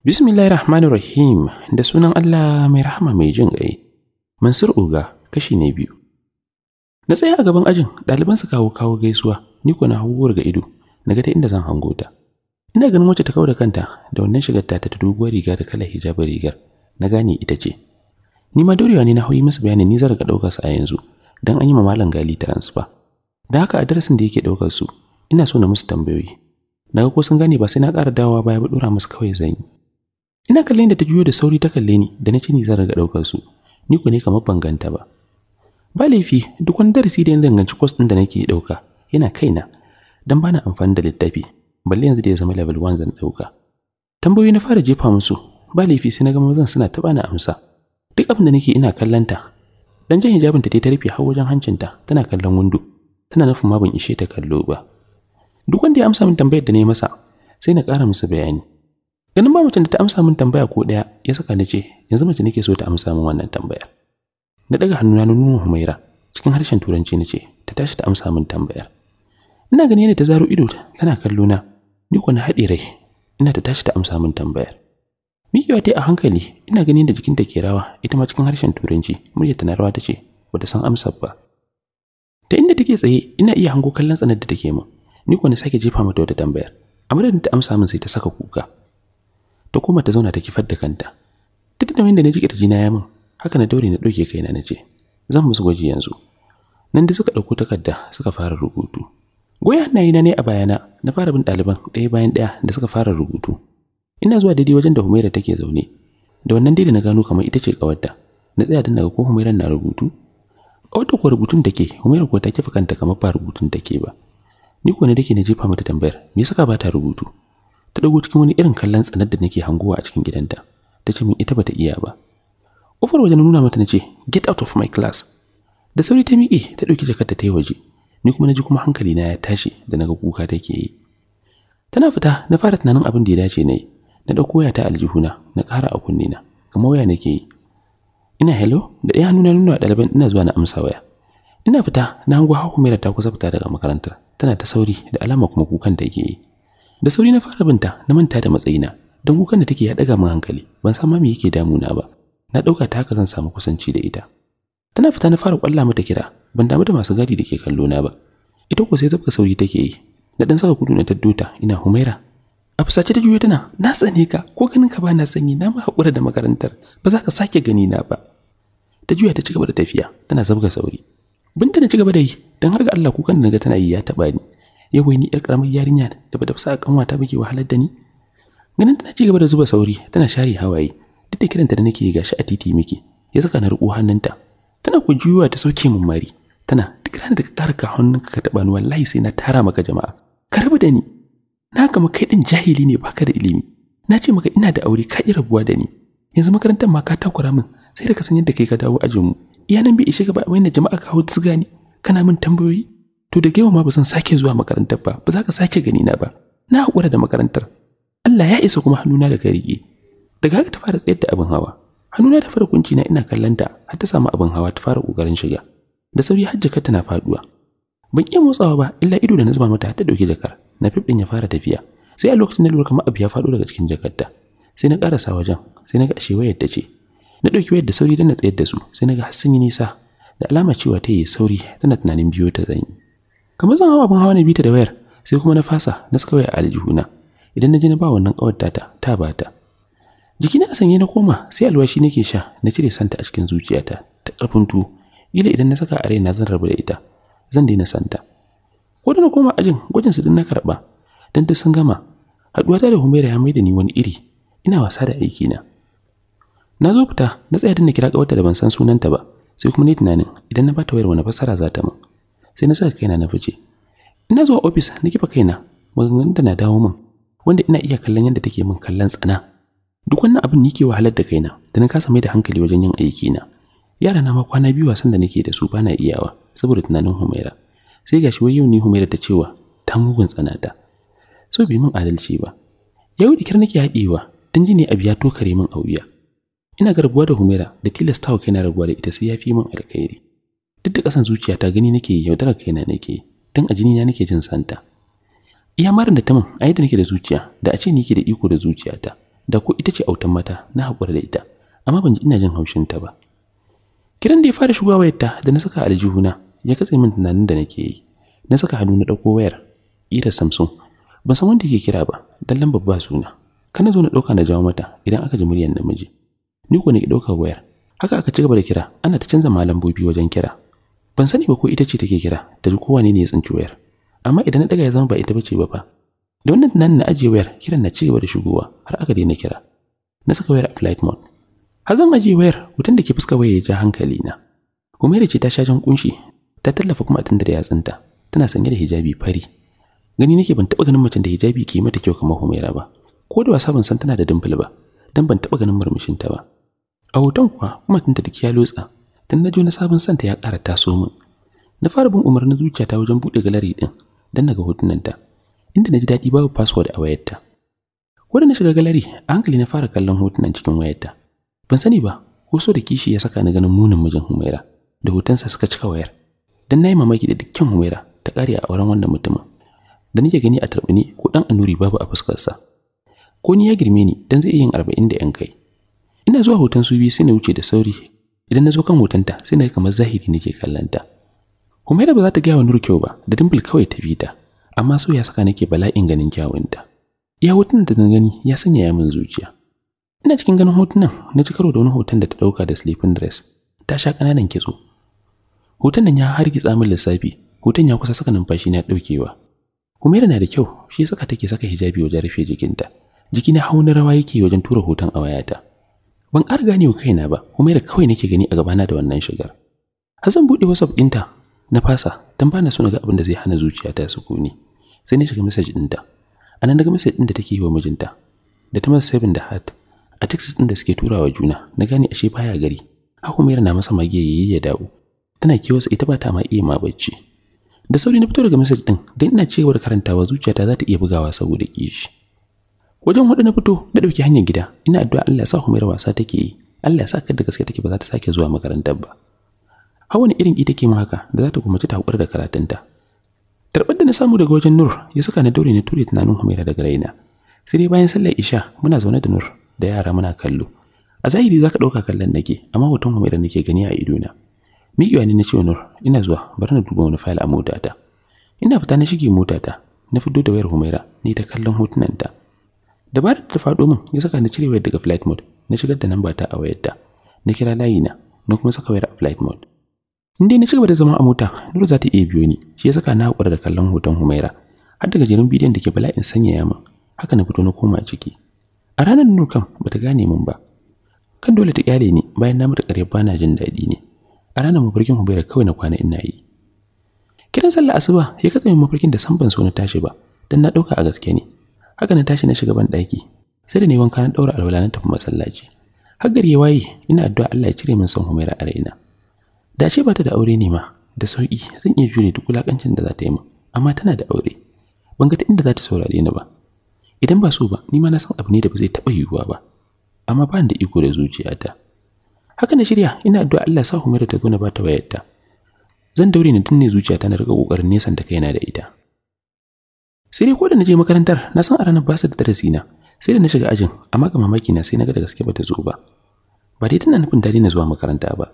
Bismillahir Rahim da sunan Allah mai rahama mai jin ƙai. Mansur Oga kashi ne biyu. Na tsaya a gaban ajin ɗaliban su kawo kawo gaisuwa ni ko na ga ido na ga ta inda zan hango ta. Ina ganin wacce ta kawo da kanta da wannan shigar ta ta doguwar riga da kalar hijabin rigar na gane ita ce. Ni ma dorewa ne na hauyi masa bayanin ni zan ga ɗaukar su a yanzu don an yi ma Malam Gali transfer. Da haka adresin da yake ɗaukar su, ina so na musu tambayoyi. Na ga ko sun gane ba sai na ƙara dawowa baya ba ɗora musu kawai zan Ina kallon da ta juyo da sauri ta kalle ni da na ce ni zan riga ɗaukar su, ni ku ne kamar ban ganta ba. Ba laifi duk wani darasi da ya danganci kwas ɗin da nake ɗauka yana kaina don bana amfani da littafi balle yanzu da ya zama level 1 zan ɗauka. Tambayoyi na fara jefa musu ba laifi sai na ga mazan suna taɓa na amsa. Duk abin da nake ina kallanta Dan jan hijabin ta ta rufe har wajen hancinta tana kallon windo. Tana nufin ma ban ishe ta kallo ba. Duk wanda ya amsa min tambayar da na yi masa sai na ƙara masa bayani. Ganin ba da ta amsa min tambaya ko ɗaya ya saka na ce yanzu mace nake so ta amsa min wannan tambaya. Na daga hannuna na nuna Humaira cikin harshen Turanci na ce ta tashi ta amsa min tambayar. Ina gani yadda ta zaro ido tana kallo na ni kuwa na haɗe rai ina ta tashi ta amsa min tambayar. Mikiwa ta a hankali, ina ganin da jikinta ke rawa, ita ma cikin harshen Turanci, muryarta na rawa ta ce, bata san amsar ba. Ta inda take tsaye, ina iya hango kallon tsanar da take min. Ni kuwa na sake jefa mata wata tambayar. A madadin ta amsa min sai ta saka kuka. Ta koma ta zauna ta kifar da kanta. Ta da wanda na ji kirji na ya min, haka na daure na ɗauke kaina na ce, zan musu gwaji yanzu. Nan da suka ɗauko takarda suka fara rubutu. Goya yi na ne a bayana na fara bin ɗaliban ɗaya bayan ɗaya da suka fara rubutu. ina zuwa daidai wajen da Humaira take zaune da wannan dai da na gano kamar ita ce kawarta na tsaya dan naga ko Humaira na rubutu wata ko rubutun take Humaira ko ta kifa kanta kamar ba rubutun take ba ni ko ne dake na jefa mata tambayar me saka ba ta rubutu ta dago cikin wani irin kallon tsanar da nake hangowa a cikin gidanta ta ce min ita bata iya ba kofar wajen nuna mata na ce get out of my class da sauri ta miƙe ta ɗauki jakarta ta yi waje ni kuma na ji kuma hankali na ya tashi da naga kuka take yi tana fita na fara tunanin abin da ya dace na yi na ɗauko waya ta aljihuna na ƙara a na kamar waya nake yi ina hello da ɗaya hannu na nuna ɗaliban ina zuwa na amsa waya ina fita na hango hau mera ta kusa fita daga makarantar tana ta sauri da alama kuma kukan da yake yi da sauri na fara binta na manta da matsayina don kukan da take ya ɗaga min hankali ban san ma me damu na ba na ɗauka ta haka zan samu kusanci da ita tana fita na fara ƙwalla mata kira ban damu da masu gadi da ke kallo na ba ita ko sai zabka sauri take yi na dan saka kudu na taddota ina humaira a fusace da juyo tana na tsane ka ko ganin ka ba na sanyi na ma haƙura da makarantar ba za ka sake gani na ba ta juya ta cigaba da tafiya tana zabga sauri binta na cigaba da yi dan har ga Allah kukan da naga tana yi ya taba ni yau ni yar karamar yarinya da bata fusa kanwa ta bake wahalar da ni ganin tana cigaba da zuba sauri tana share hawaye duk da kiranta da nake gashi a titi miki ya saka na riƙo hannunta tana ku juyowa ta sauke mun mari tana duk ranar da ka ƙara ka hannunka ka taɓa ni wallahi sai na tara maka jama'a ka rabu da ni na gama kai din jahili ne baka da ilimi na ce maka ina da aure ka ƙi rabuwa da ni yanzu makarantar ma ka takura min sai da ka san yadda kai ka dawo ajin mu iya nan bai ishe gaba wai na jama'a ka hau su gani kana min tambayoyi to da gaiwa ma ba san sake zuwa makarantar ba ba za ka sake gani na ba na hakura da makarantar Allah ya isa kuma hannuna da ka daga haka ta fara tsayar da abin hawa hannuna da fara kunci na ina kallanta har ta samu abin hawa ta fara ƙoƙarin shiga da sauri har tana faduwa ban iya motsawa ba illa ido da na zuba mata ta dauki jakar na ɗin ya fara tafiya sai a lokacin da lura kamar ya faɗo daga cikin jakarta sai na ƙarasa wajen sai na ga ashe wayar da ce na ɗauki wayar da sauri don na tsayar da su sai na ga sun yi nisa da alama cewa ta yi sauri tana tunanin biyo ta zanyi kamar zan hawa abin hawa na bita da wayar sai kuma na fasa na saka wayar aljihuna idan na ji na ba wannan ƙawar tata ta bata. ta jikina a sanye na koma sai alwashi nake sha na cire santa a cikin zuciyata ta ƙarfin tu ila idan na saka a na zan rabu da ita zan daina santa ko na koma ajin gwajin su din na karɓa, dan duk sun gama haduwa ta da Humaira ya mai da ni wani iri ina wasa da aiki na na zo fita na tsaya na kira kawarta da ban san sunanta ba sai kuma ni tunanin idan na bata wayar wani fassara za ta min sai na saka kaina na fice ina zuwa ofis na kifa kaina maganganun da na dawo min wanda ina iya kallon yadda take min kallon tsana duk wannan abin ni ke wahalar da kaina da na kasa mai da hankali wajen yin aiki na yara na ma kwana biyu wasan da nake da su bana iyawa saboda tunanin Humaira sai gashi wai yau ne Humaira ta cewa ta mugun tsanata so bi min adalci ba yau da kyar nake haɗewa dan jini ne abu ya tokare min a wuya ina garbuwa da Humaira da tilasta wa kaina rabuwa da ita sai ya fi min alkhairi duk da ƙasan zuciya ta gani nake yaudara kaina nake dan a jini na nake jin santa iya marin da min a yadda nake da zuciya da a ce ni ke da iko da zuciyata da ko ita ce autan mata na haƙura da ita amma ban ji ina jin haushin ta ba kiran da ya fara shigowa wayarta da na saka aljihuna ya katse min tunanin da nake yi na saka hannu na dauko wayar ƙira samsung ban san wanda yake kira ba dan lambar ba suna kana zo na ɗauka na jawo mata idan aka ji muryar namiji ni ko na ki ɗaukar wayar haka aka ci gaba da kira ana ta canza malam bobi wajen kira ban sani ba ko ita ce take kira ta ji kowa ne ya tsinci wayar amma idan na daga ya zama ba ita bace ba fa da wannan tunanin na ajiye wayar kiran na ci gaba da shugowa har aka daina kira na saka wayar a flight mode har zan ajiye wayar wutan da ke fuska waya ya ja hankali na Humaira ce ta sha kunshi ta tallafa kuma a da yatsunta tana sanye da hijabi fari gani nake ban taba ganin macen da hijabi ke mata kyau kamar humaira ba ko da wasa ban san tana da dimple ba dan ban taɓa ganin ta ba a hoton kuwa kuma tunta da ya lotsa tun na na sabon santa ya ƙara taso min na fara bin umarnin zuciyata wajen buɗe galari din, dan naga hotunan ta inda na ji daɗi babu password a wayarta ko da na shiga galari a hankali na fara kallon hotunan cikin wayarta ban sani ba ko so da kishi ya saka ni ganin munin mijin humaira da hotonsa suka cika wayar dan nayi mamaki da dukkan humaira ta kare a auren wannan mutumin da nake gani a tarbini ko dan anuri babu a fuskarsa ko ni ya girme ni dan zai iya yin arba'in da yan kai ina zuwa hoton su biyu sai na wuce da sauri idan na zo kan hotonta sai na kamar zahiri nake kallanta humaira ba za ta gaya wa nur kyau ba da dimbil kawai ta bi ta amma so ya saka nake bala'in ganin kyawunta Ya hotunan da na gani ya sanya ya min zuciya ina cikin ganin hotunan na ci karo da wani hoton da ta dauka da sleeping dress ta sha kananan kitso Hoton nan ya hargitsa min lissafi, hoton ya kusa saka numfashi na daukewa. Humaira na da kyau, shi saka take saka hijabi wajen rufe jikinta. Jiki na hauna rawa yake wajen tura hoton a wayata. Ban ƙara gane wa kaina ba, Humaira kawai nake gani a gabana da wannan shigar. Hazan buɗe WhatsApp ɗinta, na fasa, dan bana so na ga abin da zai hana zuciyata sukuni. Sai na shiga message ɗinta. A nan daga message ɗin da take yi wa mijinta, da ta masa da hat, a text ɗin da suke turawa juna, na gane ashe baya gari. Har Humaira na masa magiyayi ya dawo. tana sa ita ba ta ma iya ma bacci da sauri na fito daga message din don ina cewar karantawa zuciyata za ta iya bugawa saboda kishi wajen hudu na fito na dauki hanyar gida ina addu'a Allah ya sa Humaira wasa take yi Allah ya sa da gaske take ba za ta sake zuwa makarantar ba hawan irin ita ke haka da za ta kuma ci ta da karatunta tarbar da na samu daga wajen Nur ya saka na daure na ture tunanin Humaira daga raina sai dai bayan sallar isha muna zaune da Nur da yara muna kallo a zahiri zaka ɗauka kallon nake amma hoton Humaira nake gani a idona miƙewa ne na ce nur ina zuwa bari na duba wani fayil a motata ina fita na shige motata na fito da wayar humaira ni ta kallon hotunanta dabarar da ta faɗo min ya saka na cire wayar daga flight mode na shigar da namba ta a wayarta na kira layi na na kuma saka wayar a flight mode in dai na cigaba da zama a mota nur za ta iya biyo ni shi ya saka na haƙura da kallon hoton humaira har daga jerin bidiyon da ke bala'in sanyaya min haka na fito na koma ciki a ranar nur kam bata gane min ba kan dole ta kyale ni bayan na mutu ƙarya bana jin daɗi ne ƙananan mafarkin hubaira kawai na kwana ina yi kiran sallah asuba ya katse min mafarkin da san ban so na tashi ba dan na ɗauka a gaske ne haka na tashi na shiga ban daki sai da ne wanka na daura alwala na tafi masallaci har gari ya waye ina addu'a Allah ya cire min san humaira a raina da ce ba ta da aure ne ma da sauki zan iya jure duk wulakancin da za ta yi min amma tana da aure ban ga ta inda za ta saurare ni ba idan ba so ba ni ma na san abu ne da ba zai taba yiwuwa ba amma ba ni da iko da zuciyata haka na shirya ina addu'a Allah sa Humaira ta gona ba ta wayarta zan daure na danne zuciyata na riga kokarin nesan ta kaina da ita sai dai ko da na je makarantar na san a ranar ba su da darasi na sai da na shiga ajin amma ga mamaki na sai na ga da gaske bata zo ba ba dai tana nufin dare na zuwa makaranta ba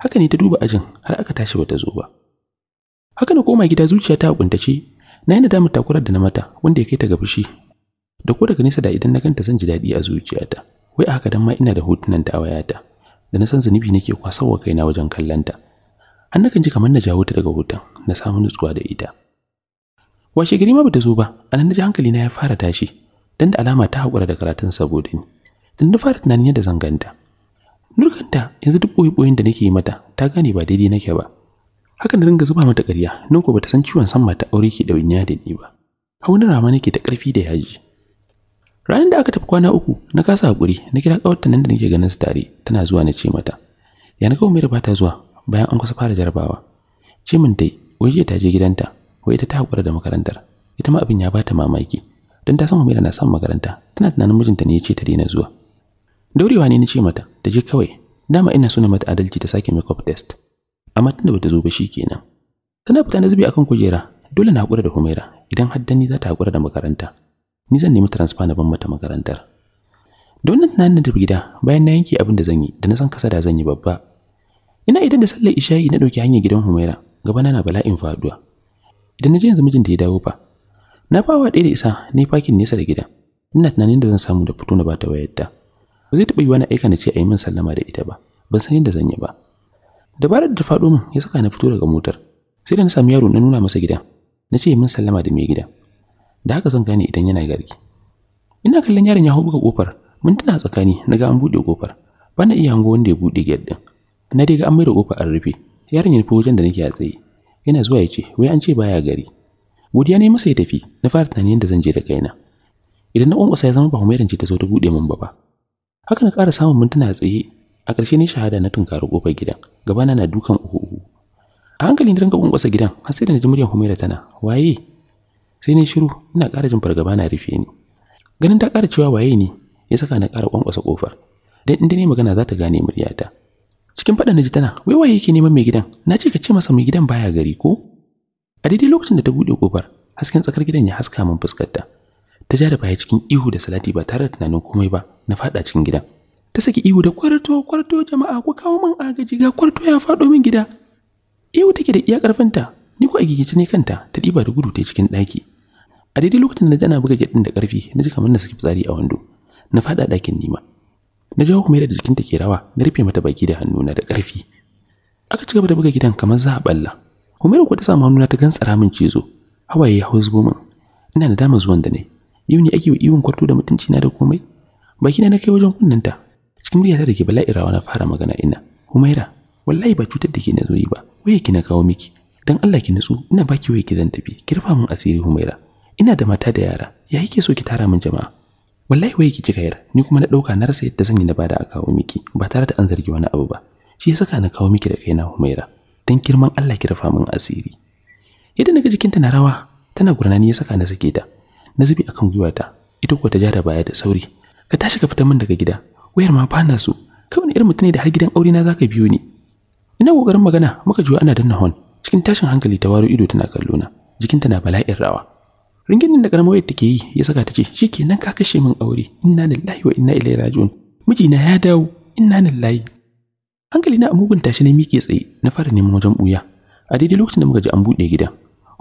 haka ne ta duba ajin har aka tashi ba ta zo ba haka na koma gida zuciya ta kuntace na yi nadamar takurar da na mata wanda ya kai ta ga fushi da ko daga nesa da idan na ganta zan ji daɗi a zuciyata wai a haka dan ma ina da hotunanta a wayata da na san zunubi nake kwasawa kaina wajen kallanta An nakan ji kamar na jawo ta daga hutan na samu nutsuwa da ita washe gari ma bata zo ba a nan naji hankali na ya fara tashi dan da alama ta haƙura da karatun saboda ni tun na fara tunanin yadda zan ganta nurkanta yanzu duk ɓoye-ɓoyen da nake yi mata ta gane ba daidai nake ba haka na ringa zuba mata ƙarya nan ko bata san ciwon san mata aure ke ɗawainiya da ni ba hawan rama nake da ƙarfi da yaji Ranar da aka tafi kwana uku na kasa hakuri na kira ƙawarta nan da nake ganin su tare tana zuwa na ce mata. Ya na kawo ba ta zuwa bayan an kusa fara jarabawa. Ce min dai wai jiya ta je gidanta wai ita ta haƙura da makarantar. Ita ma abin ya bata mamaki don ta san Humaira na son makaranta tana tunanin mijinta ne ya ce ta daina zuwa. Daurewa ne na ce mata ta je kawai dama ina so na mata adalci ta sake makeup test amma tunda bata zo ba shi kenan. Tana fita na zubi akan kujera dole na haƙura da Humaira idan har dani za ta haƙura da makaranta. ni zan nemi transfer na ban mata makarantar don nan tunanin da gida bayan na yanke abin da zan yi da na san kasa da zan yi babba ina idan da sallar isha'i na ɗauki hanyar gidan humaira gaba na bala'in faduwa idan na je yanzu da ya dawo fa na fawa ɗaya da isa ne fakin nesa da gida ina tunanin da zan samu da fito na ba ta wayar ta ba zai taɓa yi wani aika na ce a yi min sallama da ita ba ban san yadda zan yi ba dabarar da ta faɗo min ya saka na fito daga motar sai da na sami yaro na nuna masa gida na ce min sallama da mai gida da haka zan gane idan yana gari ina kallon yaron ya buga kofar mun tana tsakani na ga an buɗe kofar bana iya hango wanda ya buɗe gate din na dai ga an maida kofar an rufe yaron ya nufi wajen da nake a tsaye yana zuwa ya ce wai an ce baya gari godiya ne masa ya tafi na fara tunanin yadda zan je da kaina idan na kwankwasa ya zama ba Humaira ce ta zo ta buɗe min ba ba haka na ƙara samun mintuna tsaye a ƙarshe ne shahada na tunkari ƙofar gidan gabana na dukan uku a hankali na rinka kwankwasa gidan har sai da na ji muryar humaira tana waye sai ni shiru ina ƙara jin fargaba na rufe ni ganin ta ƙara cewa waye ne ya saka na ƙara kwankwasa kofar dan inda ne magana za ta gane muryata cikin faɗa na ji tana wai waye yake neman mai gidan na ce ka ce masa mai gidan baya gari ko a daidai lokacin da ta buɗe kofar hasken tsakar gidan ya haska min fuskarta ta ja da baya cikin ihu da salati ba tare da tunanin komai ba na faɗa cikin gidan ta saki ihu da kwarto kwarto jama'a ku kawo min agaji ga kwarto ya faɗo min gida ihu take da iya ƙarfinta ni ku a gigice ne kanta ta ɗiba da gudu ta cikin ɗaki a daidai lokacin da ana buga gyaɗin da ƙarfi na ji kamar na saki fitsari a wando na faɗa ɗakin nima na jawo kuma yadda jikinta ke rawa na rufe mata baki da na da ƙarfi aka ci gaba da buga gidan kamar za a balla Humaira kuwa ta samu hannuna ta gantsara min cizo hawaye ya hau zubo min ina da damar zuwan da ne yau ne ake iwon kwarto da mutunci na da komai Baki na na kai wajen kunnanta cikin muryata da ke bala'i rawa na fara magana ina Humaira wallahi ba cutar da ke na zo yi ba waye ki na kawo miki dan Allah ki nutsu ina baki waye ki zan tafi ki min asiri Humaira ina da mata da yara ya yake so ki tara min jama'a wallahi wai ki kika ni kuma na dauka na rasa yadda zan yi na bada a kawo miki ba tare da an zargi wani abu ba shi ya saka na kawo miki da kaina Humaira dan kirman Allah ki rafa min asiri yadda naga jikinta na rawa tana gurnani ya saka na sake ta na zubi akan gwiwata ita kuwa ta ja da baya da sauri ka tashi ka fita min daga gida wayar ma ba na so wani irin mutune da har gidan aure na zaka biyo ni ina kokarin magana muka juya ana danna hon cikin tashin hankali ta waro ido tana kallo jikinta na bala'in rawa ringin da karamar wayar take yi ya saka ta ce shikenan ka kashe min aure inna lillahi wa inna ilaihi raji'un mijina ya dawo inna lillahi hankali na amugun tashi na miƙe tsaye na fara neman wajen buya a daidai lokacin da muka ji an buɗe gidan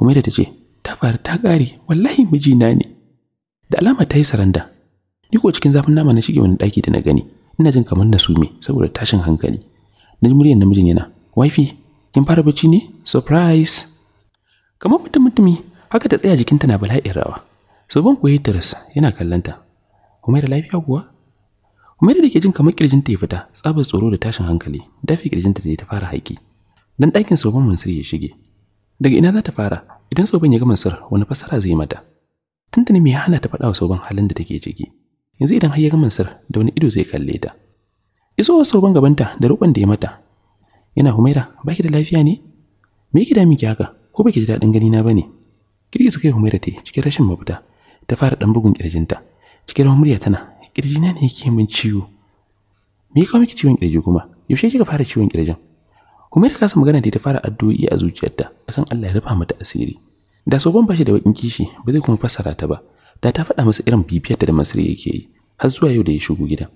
umaira ta ce ta fara ta ƙare wallahi mijina ne da alama ta yi saranda ni ko cikin zafin nama na shige wani ɗaki da na gani ina jin kamar na sume saboda tashin hankali na ji muryar namijin yana wifi kin fara bacci ne surprise kamar mutum mutumi haka ta tsaya jikinta na bala'in rawa sabon kuwa taras yana kallanta umaira lafiya kuwa umaira da ke jin kamar kirjinta ya fita tsabar tsoro da tashin hankali dafe kirjinta da ta fara haiki Don ɗakin sabon mansur ya shige daga ina za ta fara idan sabon ya ga mansur wani fasara zai mata tuntuni me hana ta faɗa wa sabon halin da take ciki yanzu idan har ya ga mansur da wani ido zai kalle ta isowar sabon gabanta da roƙon da ya mata yana humaira baki da lafiya ne me yake da miki haka ko baki ji daɗin gani na bane Kirgi suka yi Humaira cikin rashin mafita. Ta fara dan bugun ƙirjinta. Cikin rawar murya tana, na ne yake min ciwo. Me ya kawo miki ciwon kirji kuma? Yaushe kika fara ciwon ƙirjin? Humaira kasa magana da ta fara addu'o'i a zuciyarta a akan Allah ya rufa mata asiri. Da so ban bashi da wakin kishi ba zai kuma fassara ta ba. Da ta faɗa masa irin bibiyarta da Masir yake yi har zuwa yau da ya shigo gidan.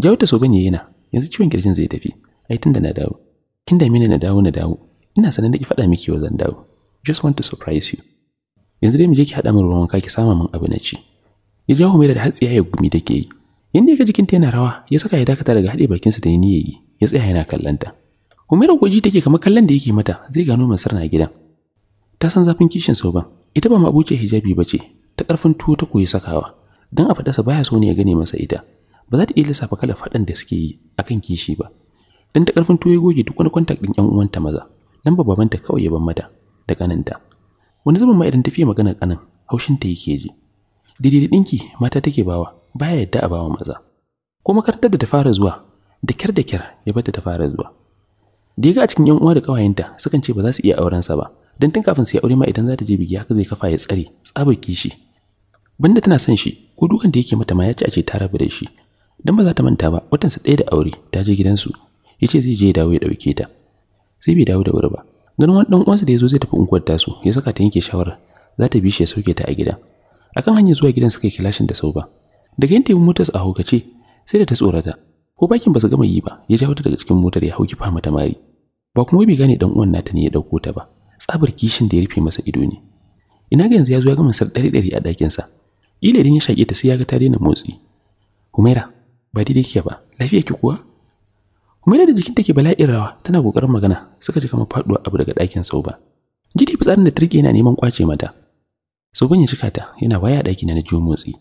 Jawo ta soban yana yanzu ciwon kirjin zai tafi. Ai tunda na dawo. Kin da mini na dawo na dawo. Ina sanin da ki faɗa miki wa zan dawo. Just want to surprise you. yanzu dai mu je ki haɗa min ruwan wanka sama min abu na ci ya jawo mai da hatsiya ya gumi ke yi yanda ya ga jikinta yana rawa ya saka ya dakata daga haɗe bakinsa da ya yi ya tsaya yana ta Humaira gwaji take kamar kallon da yake mata zai gano Mansur na gidan ta san zafin kishin sau ban ita ba mabuce hijabi ba ce. ta ƙarfin tuwo ta koyi sakawa dan a sa baya so ne ya gane masa ita ba za ta iya lissafa kalar fadan da suke yi akan kishi ba don ta karfin tuwo ya goge duk wani kwantak din yan uwanta maza nan ba babanta kawai ya ban mata da kaninta wani zubin ma idan fiye magana kanin haushin ta yake ji daidai dinki mata take bawa baya yadda a bawa maza ko makarantar da ta fara zuwa da kyar da kyar ya bata ta fara zuwa da ya ga a cikin yan uwa da kawayenta sukan ce ba za su iya auren sa ba dan tun kafin su yi aure ma idan za ta je biki haka zai kafa ya tsare tsabar kishi banda tana son shi ko dukan da yake mata ma ya ci a ce ta rabu da shi dan ba za ta manta ba watan sa ɗaya da aure ta je gidansu ya ce zai je ya dawo ya ɗauke ta sai bai dawo da wuri ba ganin wani dan uwansa da ya zo zai tafi unguwar tasu ya saka ta yanke shawara za ta bi shi ya sauke ta a gida akan hanyar zuwa gidan suka yi kilashin da sauba daga yin taimakon motarsa a haukace sai da ta tsorata ko bakin ba su gama yi ba ya jawo ta daga cikin motar ya hau kifa mata mari ba kuma wai bai gane dan uwan nata ne ya dauko ta ba tsabar kishin da ya rufe masa ido ne ina ga yanzu ya zo ya gama sar ɗari ɗari a sa ila idan ya shaƙe ta sai ya ga ta daina motsi humaira ba daidai ke ba lafiya ki kuwa Maida da jikinta ke bala'in rawa tana kokarin magana suka ji kamar faduwa abu daga ɗakin Sauba. Jidi fitsarin da turke yana neman kwace mata. Sauban ya cika ta yana waya a na na jiwo motsi.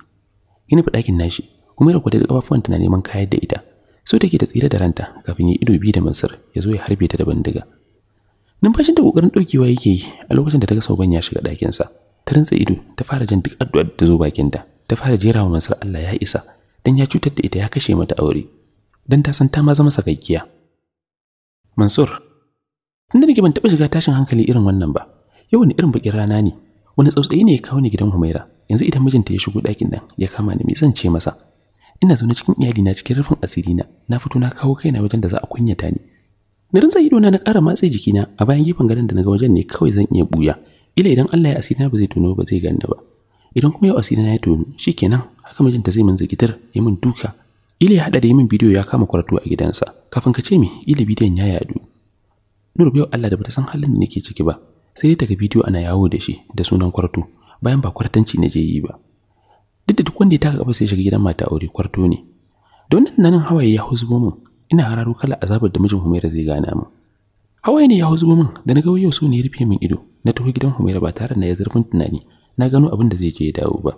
Yana fi ɗakin nashi kuma yana kwata kafafuwan na neman kayar da ita. So take ta tsira da ranta kafin ya ido biyu da Mansur ya zo ya harbe ta da bindiga. Numfashin da kokarin ɗaukewa yake yi a lokacin da ta ga Sauban ya shiga ɗakinsa. Ta rantsa ido ta fara jin duk addu'ar da ta zo bakinta. Ta fara jera wa Mansur Allah ya isa dan ya cutar da ita ya kashe mata aure. dan ta san ta ma zama sakakkiya. Mansur, tun da nake ban taɓa shiga tashin hankali irin wannan ba, yau wani irin bakin rana ne, wani tsautsayi ne ya kawo ni gidan Humaira, yanzu idan mijinta ya shigo ɗakin nan ya kama ni mai zance masa. Ina zaune cikin iyali na cikin rufin asiri na na fito na kawo kaina wajen da za a kunyata ni. Na rinsa ido na na ƙara matse na a bayan gefen gadon da naga wajen ne kawai zan iya buya. Ila idan Allah ya na ba zai tono ba zai ganni ba. idan kuma yau asiri na ya tono kenan haka mijinta zai min zikitar ya mun duka Ili ya da min bidiyo ya kama kwaratu a gidansa. Kafin ka ce mi, ili bidiyon ya yadu. Nur biyo Allah da bata san halin da nake ciki ba. Sai dai daga bidiyo ana yawo da shi da sunan kwarto bayan ba kwartanci na je yi ba. Duk da duk wanda ya taka kafa sai shiga gidan mata aure kwarto ne. Da wannan tunanin hawaye ya huzubo min ina hararo kala azabar da mijin Humaira zai gana min. Hawaye ne ya huzubo min da na ga yau so ne ya rufe min ido na tafi gidan Humaira ba tare da ya zurfin tunani na gano abin da zai je ya dawo ba.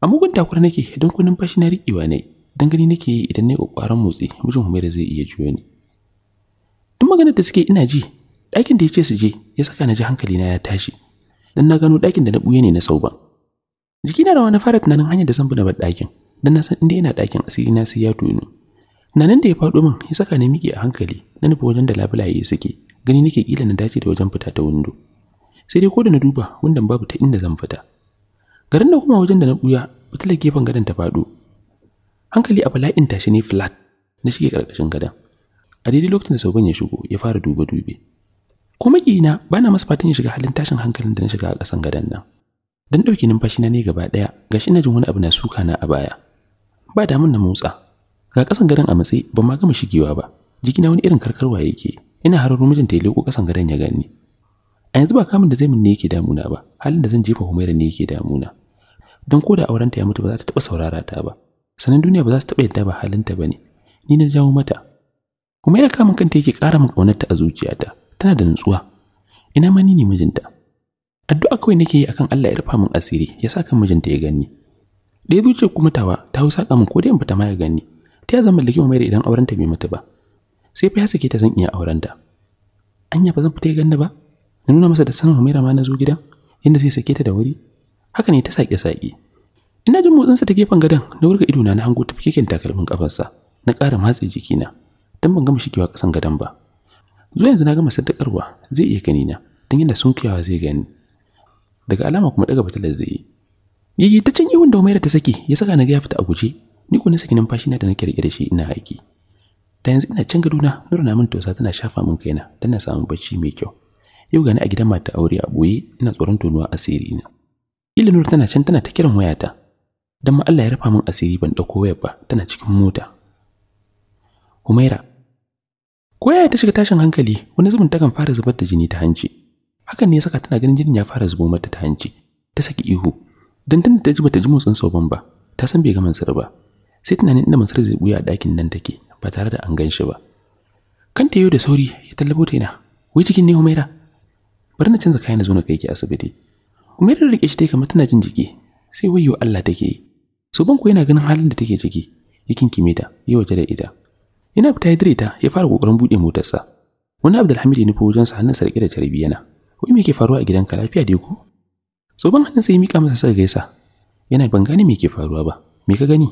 A mugun takura nake don kunin fashi na riƙewa ne dan gani nake yi idan nayi kokarin motsi mijin da zai iya juyo ni duk maganar da suke ina ji ɗakin da ya ce su je ya saka na ji hankali na ya tashi dan na gano ɗakin da na buye ne na sauba na rawa na fara tunanin hanyar da zan bi na bar ɗakin dan na san inda yana ɗakin asiri na sai ya tunu nan da ya faɗo min ya saka ni miƙe a hankali na nufi wajen da labulaye suke gani nake kila na dace da wajen fita ta windo sai dai ko da na duba wundan babu ta inda zan fita garin da kuma wajen da na buya wata gefen gadon ta faɗo hankali a bala'in tashi ne flat na shige karkashin gadon a daidai lokacin da sauban ya shigo ya fara dube dube ko makiyina ba na masa fatan ya shiga halin tashin hankalin da na shiga a ƙasan gadon nan dan ɗauki numfashi na ne gaba ɗaya gashi na jin wani abu na suka na a baya ba damun na motsa ga kasan gadan a matsayi ban ma gama shigewa ba jikina wani irin karkarwa yake ina hararo mijinta ya leko kasan gadan ya gani a yanzu ba kamun da zai min ne yake damuna ba halin da zan jefa humaira ne yake damuna don ko da aurenta ya mutu ba za ta taɓa saurara ta ba sanan duniya ba za su taɓa yadda ba halinta ba ne ni na jawo mata kuma yana kamun kanta yake ƙara min ƙaunarta a zuciyata tana da nutsuwa ina ma ni ne mijinta addu'a kawai nake yi akan Allah ya rufa min asiri ya saka mijinta ya gani da ya zuciyar kuma tawa ta saƙa min ko da in fita ma ya gani ta ya zama da mai idan aurenta bai mutu ba sai fa ya sake ta zan iya aurenta anya ba zan fita ya ganni ba na nuna masa da sanin Humaira ma na zo gidan inda zai sake ta da wuri haka ne ta sake sake ina jin motsinsa ta gefen gadon na wurga idona na hango tafi keken takalmin kafarsa na ƙara matse jikina don ban gama shigewa kasan gadon ba zuwa yanzu na gama saddakarwa zai iya gani na don yana sunkuyawa zai gani daga alama kuma daga fitilar zai yi yayi ta cin iwon da ta saki ya saka na ga ya fita a guje ni ko na saki numfashi na da nake rike shi ina aiki da yanzu ina can gadona nura na min tosa tana shafa min kaina tana samun bacci mai kyau yau gani a gidan mata aure a boye ina tsoron tonuwa asiri na ila nur tana can tana ta kiran wayata dan ma Allah ya rufa min asiri ban dauko wayar ba tana cikin mota Humaira ko yaya ta shiga tashin hankali wani zubin kan fara zubar da jini ta hanci hakan ne saka tana ganin jinin ya fara zubo mata ta hanci ta saki ihu dan tunda ta ji bata ji motsin sauban ba ta san bai ga Mansur ba sai tunanin inda Mansur zai buya a dakin nan take ba tare da an gan shi ba ta yau da sauri ya tallabo ta yana wai cikin ne Humaira bari na canza kayan da zo na kai ki asibiti umaira rike shi take kamar tana jin jiki sai wayo Allah take yi. Soban ku yana ganin halin da take ciki, yakin kimeta, ya waje da ita. Yana fita ya ta, ya fara kokarin bude motarsa. Wani Abdulhamid ya nufo wajen sa hannunsa rike da tarbiyana. Wai me ke faruwa a gidanka lafiya dai ko? Soban hannunsa ya mika masa sai gaisa. Yana ban gane me ke faruwa ba. Me ka gani?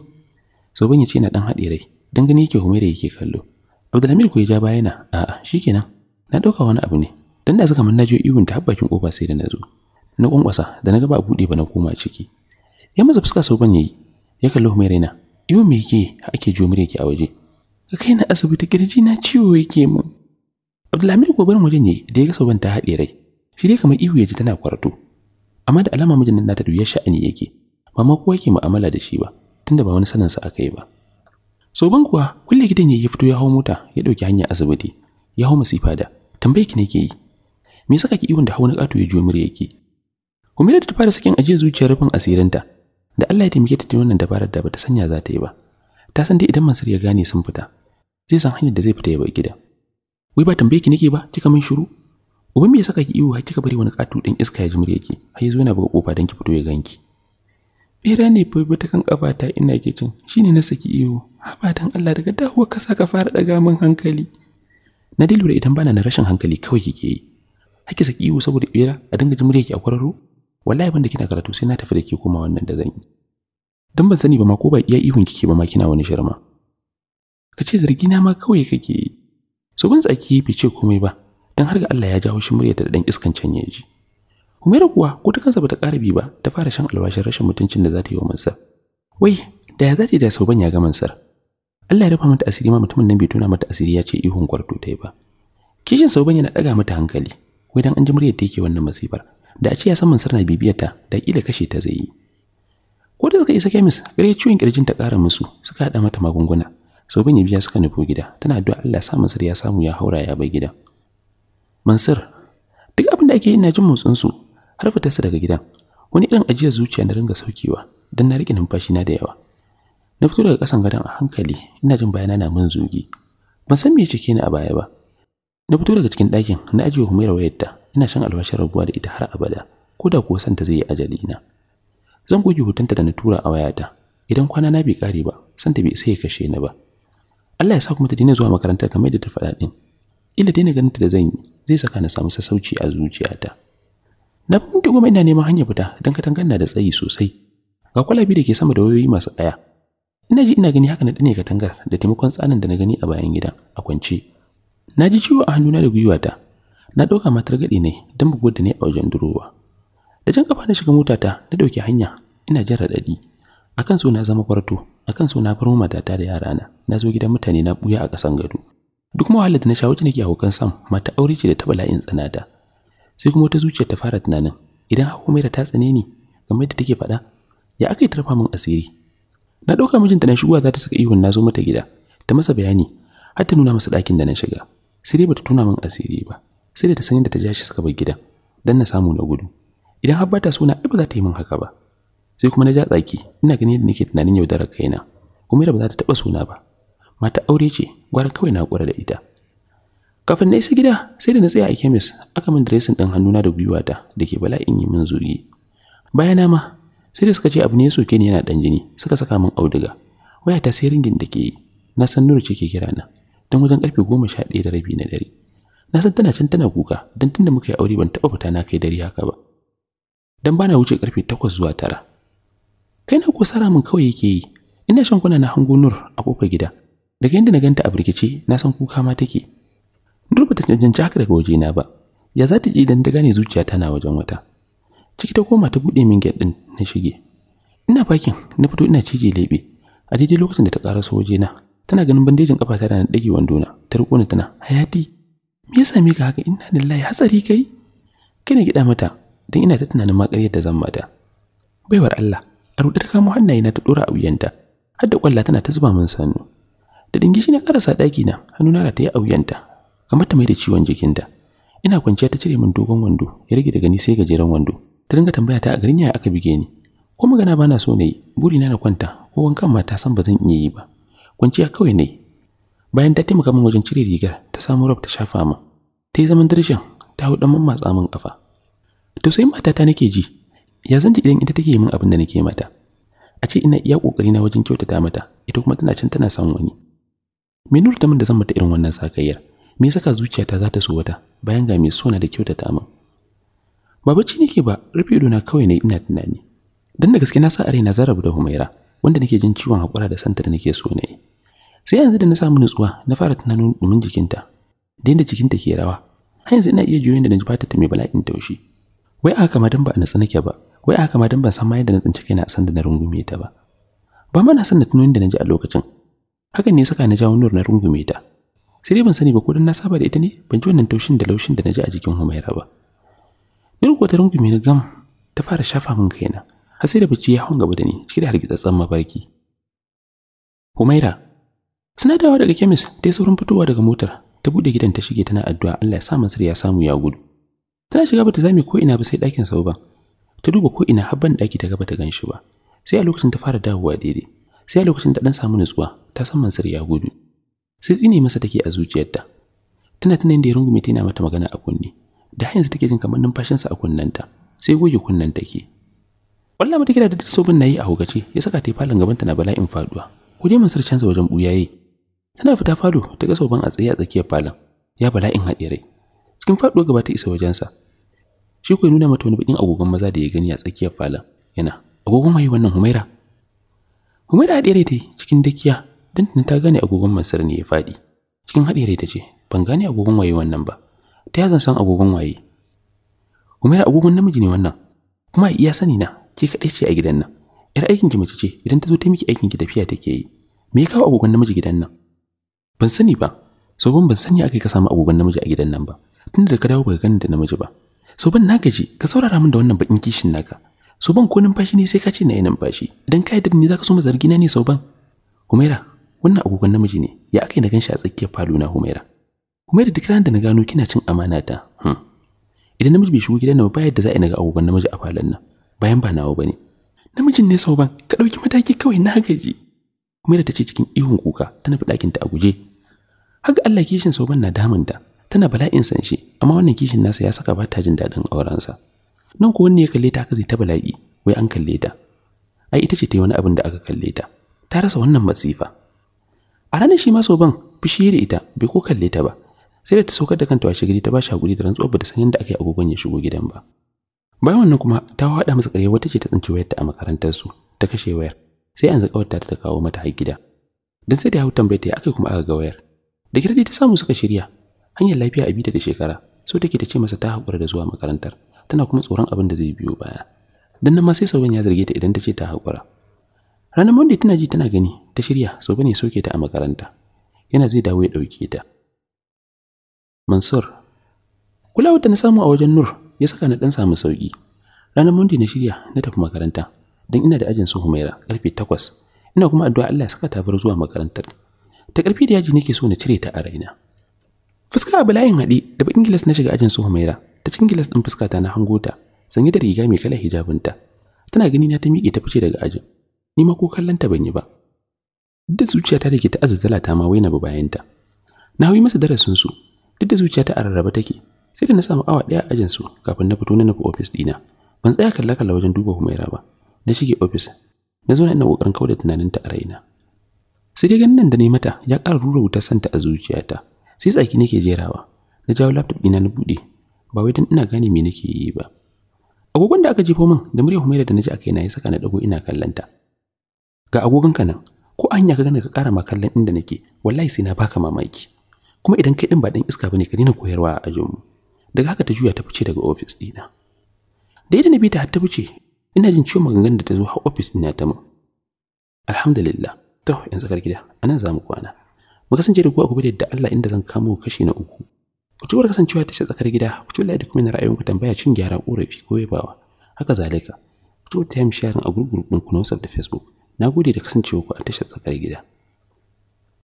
Soban ya ce na dan haɗe rai, dan gani yake hume da yake kallo. Abdulhamid ko ya ja bayana, a'a shikenan. Na dauka wani abu ne. Dan da suka manna jiyo ihun ta habbakin kofa sai da na zo. Na kwankwasa da na ga ba a bude ba na koma ciki. Ya masa fuska soban yayi, ya kalli raina yau me yake ake jiwo murya yake a waje ka kai na asibiti kirji na ciwo yake mun abdulhamid ko barin wajen ne da ya ga sauban ta haɗe rai shi dai kamar ihu ya ji tana kwarto amma da alama mijin nan nata duyar sha'ani yake ba ma kowa yake mu'amala da shi ba tunda ba wani sanin sa aka yi ba sauban kuwa kulle gidan ya fito ya hau mota ya ɗauki hanya asibiti ya hau masifa da tambayi ki ne ke yi me saka ki iwon da na ƙato ya jiwo murya yake da ta fara sakin ajiye zuciyar rufin asirinta da Allah ya taimake ta wannan dabarar da bata sanya za ta yi ba ta san dai idan Mansur ya gane sun fita zai san hanyar da zai fita ya bar gida wai ba tambaye ki nake ba kika min shiru uban me ya saka ki iyo har kika bari wani katu din iska ya jimre ki har yanzu yana buga kofa dan ki fito ya ganki bera ne fa ta kan kafata ina kicin shine na saki iyo ba dan Allah daga kasa ka saka fara daga min hankali na dai lura idan bana na rashin hankali kawai kike yi haki saki iyo saboda bera a dinga jimre ki a kwararo wallahi ban da kina karatu sai na tafi da ke koma wannan da zan yi dan ban sani ba ma ko ba iya ihun kike ba ma kina wani shirma ka ce zargi na ma kawai kake yi so ban tsaki bai ce komai ba dan har ga Allah ya jawo shi murya da dan iskan can yaji Humaira kuwa ko ta kansa bata karabi ba ta fara shan albashin rashin mutuncin da za ta yi wa Mansar wai da ya zata da sauban ya ga Mansar Allah ya rufa mata asiri ma mutumin nan bai tona mata asiri ya ce ihun kwarto ta ba kishin sauban yana daga mata hankali wai dan an ji muryar da yake wannan masifar da a ce ya san sarna na bibiyar ta da kila kashe ta zai yi ko da suka isa kemis gare ciwon kirjin ta ƙara musu suka haɗa mata magunguna sau bin biya suka nufo gida tana addu'a Allah sa Mansur ya samu ya haura ya bar gida Mansur duk abin da ake yi na jin motsin su har fitarsa daga gidan wani irin ajiyar zuciya na ringa saukewa don na rike numfashi na da yawa na fito daga kasan gadon a hankali ina jin bayana na min zugi ban san me cike ni a baya ba na fito daga cikin ɗakin na ajiye Humaira wayarta ina shan albashin rabuwa da ita har abada ko da kuwa santa zai yi ajali na zan goge hotonta da na tura a wayata idan kwana na bai kare ba santa bai isa ya kashe ni ba Allah ya sa kuma ta daina zuwa makaranta kamar da ta faɗa din illa daina ganin ta da zan yi zai saka na samu sassauci a zuciyata na fahimta goma ina neman hanyar fita don katangar na da tsayi sosai ga kwalabi da ke sama da wayoyi masu ɗaya ina ji ina gani haka na ɗane katangar da taimakon tsanin da na gani a bayan gida a kwance na ji ciwo a hannuna da gwiwata na ɗauka matar gaɗi ne don bugu da ne a wajen durowa da jan kafa na shiga motata na ɗauki hanya ina jin raɗaɗi akan so na zama kwarto akan so na farma matata da yara na na zo gidan mutane na buya a ƙasan gado duk wahalar da na ke nake abokan sam mata aure ce da ta bala'in tsanata sai kuma wata zuciya ta fara tunanin idan mai da ta tsane ni kamar da take faɗa ya aka yi tarfa min asiri na ɗauka mijinta na shigowa za ta saka ihun na zo mata gida ta masa bayani har ta nuna masa ɗakin da na shiga sai dai bata tuna min asiri ba sai da ta san yadda ta ja suka bar gida dan na samu na gudu idan har bata suna ai ba za ta yi min haka ba sai kuma na ja tsaki ina ganin da nake tunanin yaudarar kaina kuma yadda ba za ta taba suna ba mata aure ce gwara kawai na kura da ita kafin na isa gida sai da na tsaya a kemis aka min dressing din hannuna da gwiwata da ke in yi min zuri bayana ma sai da suka ce abu ne ya soke ni yana dan jini suka saka min auduga waya ta sai ringin da ke yi na san nuru ce ke kira na dan wajen karfe goma sha ɗaya da rabi na dare na san tana can tana kuka don tunda muka yi aure ban taba fita na kai dare haka ba dan bana wuce karfe 8 zuwa 9. kai na ko sara min kawai yake yi ina shan kuna na hango nur a kofar gida daga yadda na ganta a burkice na san kuka ma take nur ba ta cancanci haka daga waje na ba ya za ta ji idan ta gane zuciya tana wajen wata ciki ta koma ta bude min gate din na shige ina fakin na fito ina cije leɓe a daidai lokacin da ta waje na tana ganin bandejin ta da na wando wandona ta riko ni tana hayati me ya same ka haka inna lillahi hatsari kai kana gida mata dan ina ta tunanin ma ƙaryar da zan mata baiwar Allah a ruɗe ta kamo hannayena ta dora a wuyanta har da kwalla tana ta zuba min sannu. da dingishi na karasa daki na hannu na ta yi a wuyanta kamar ta mai da ciwon jikinta ina kwanciya ta cire min dogon wando ya rage daga ni sai gajeren wando ta dinga tambaya ta a garin yaya aka bige ni ko magana bana so na yi burina na kwanta ko wankan ma ta san ba zan iya yi ba kwanciya kawai ne bayan ta taimaka min wajen cire rigar ta samu rob ta shafa min ta yi zaman dirshan ta hau dan matsa min kafa to sai matata nake ji ya zan ji idan ita take min abin da nake mata a ce ina iya kokari na wajen kyautata mata ita kuma tana can tana son wani me nuna ta min da zan mata irin wannan sakayyar me saka zuciyata za ta so wata bayan ga me sona da kyautata min ba bacci nake ba rufe na kawai ne ina tunani dan da gaske na sa a raina zarabu da Humaira wanda nake jin ciwon hakura da santa da nake so ne sai yanzu da na samu nutsuwa na fara tunanin dumin jikinta da yadda jikinta ke rawa har yanzu ina iya juyin da na ji fata ta mai bala'in taushi wai aka ma dan ba na tsinake ba wai aka ma dan ban san ma yadda na tsinci kaina san da na rungume ta ba ba ma na san da tunanin da na ji a lokacin hakan ne saka na jawo nur na rungume ta sai dai ban sani ba ko dan na saba da ita ne ban ji wannan taushin da laushin da na ji a jikin Humaira ba Nur ko ta rungume na gam ta fara shafa min kaina har sai da bacci ya hawan gaba da ni cikin da hargitsatsen mafarki Humaira Suna dawa daga kemis ta yi saurin fitowa daga motar, ta buɗe gidan ta shige tana addu'a Allah ya sa Masar ya samu ya gudu. Tana shiga bata zame ko ina ba sai ɗakin ba. Ta duba ko ina har ban ɗaki ta gaba ta ganshi ba. Sai a lokacin ta fara dawowa daidai. Sai a lokacin ta dan samu nutsuwa, ta san Mansur ya gudu. Sai tsine masa take a zuciyarta. Tana tunanin da ya rungume ta yana mata magana a kunne. Da hanyar take jin kamar numfashinsa a kunnenta. Sai goge kunnen take. wallahi mata kira da ta sauban na yi a hukace ya saka ta falon ta na bala'in faduwa. Ko dai Mansur canza wajen buyaye Tana fita falo ta ga sauban a tsaye a tsakiyar falon. Ya bala'in haɗe rai. Cikin faɗuwa gaba ta isa wajensa. Shi kuwa nuna mata wani bikin agogon maza da ya gani a tsakiyar falon. Yana, agogon mai wannan Humaira. Humaira haɗe rai ta cikin dakiya don ta gane agogon Mansur ne ya faɗi. Cikin haɗe rai ta ce, ban gane agogon waye wannan ba. Ta yazan san agogon waye. Humaira agogon namiji ne wannan. Kuma iya sani na, ke kaɗai ce a gidan nan. ‘Yar aikin ki mace ce, idan ta zo ta miki aikin ki tafiya take yi. Me ya kawo agogon namiji gidan nan? ban sani ba soban ban sani aka ka samu agogon namiji a gidan nan ba tunda da ka dawo baka gani da namiji ba soban na gaji ka saurara min da wannan bakin kishin naka soban ko numfashi ne sai ka ce na yi numfashi idan ka yi dabni za ka so zargi na ne soban humaira wannan agogon namiji ne ya aka yi na ganshi a tsakiyar falo na humaira humaira duk ran da na gano kina cin amana ta hmm. idan namiji bai shigo gidan nan ba yadda za a yi na ga agogon namiji a falon nan bayan ba nawa ba ne. namijin ne sa'uban ka ɗauki mataki kawai na gaji humaira ta ce cikin ihun kuka ta nufi ɗakinta a guje haka Allah kishin soban na damunta tana bala'in san shi amma wannan kishin nasa ya saka ba ta jin daɗin aurensa nan ko wanne ya kalle ta zai ta bala'i wai an kalle ta ai ita ce ta yi wani abin da aka kalle ta ta rasa wannan masifa a ranar shi ma soban fishi da ita bai ko kalle ta ba sai da ta saukar da kanta washe gari ta ba shi hakuri da rantsuwar bata san yadda aka agogon ya shigo gidan ba bayan wannan kuma ta haɗa masa ƙarya wata ce ta tsinci wayarta a makarantar su ta kashe wayar sai an zaka wata ta kawo mata har gida dan sai da ya hau ta aka kuma aka ga wayar da girdi ta samu suka shirya hanyar lafiya a bita da shekara so take ta ce masa ta haƙura da zuwa makarantar tana kuma tsoron abin da zai biyo baya dan nan ma sai sauran ya zarge ta idan ta ce ta haƙura ranar monday tana ji tana gani ta shirya sauban ya sauke ta a makaranta yana zai dawo ya ɗauke ta mansur kula wata na samu a wajen nur ya saka na dan samu sauƙi ranar monday na shirya na tafi makaranta don ina da ajin su humaira karfe 8 ina kuma addu'a allah ya saka ta bar zuwa makarantar ta ƙarfi da yaji nake so na cire ta a raina fuska a bala'in haɗi, da bakin gilas na shiga ajin su humaira ta cikin gilas ɗin fuska ta na hango ta sanye da riga mai kalar hijabinta tana gani na ta miƙe ta fice daga ajin ni ma ko kallon ta ban yi ba duk zuciyata da ke ta azazzala ta ma waina ta. na hawi masa darasin su duk da zuciyata a rarraba take sai da na samu awa ɗaya a ajin su kafin na fito na nufi ofis ɗina, ban tsaya kalla kalla wajen duba humaira ba na shige ofis na zo na ina kokarin kauda da tunaninta a raina sai dai ganin da ne mata ya ƙara rura wuta santa a zuciyata sai tsaki nake jerawa na jawo laptop ɗina na buɗe ba wai don ina gane me nake yi ba agogon da aka jefo min da muryar humaira da naji a kaina ya saka na dago ina kallanta ga agogon ka nan ko anya ka gane ka ƙara ma kallon inda nake wallahi sai na baka mamaki kuma idan kai din ba dan iska bane ka daina koyarwa a ajinmu daga haka ta juya ta fice daga ofis ɗina da yadda na bi ta har ta fice ina jin ciwon maganganun da ta zo har ofis ɗina ta mu. alhamdulillah To yanzu kar gida, anan zamu kwana. Mu kasance da ku a gobe da yadda Allah inda zan kamo kashi na uku. Ku ci kasancewa ta tsakar gida, ku ci da kuma ku tambaya cin gyara korafi ko yabawa. Haka zalika, ku ci time sharing a gurgurun ku na WhatsApp da Facebook. Nagode da kasancewa ku a tashar tsakar gida.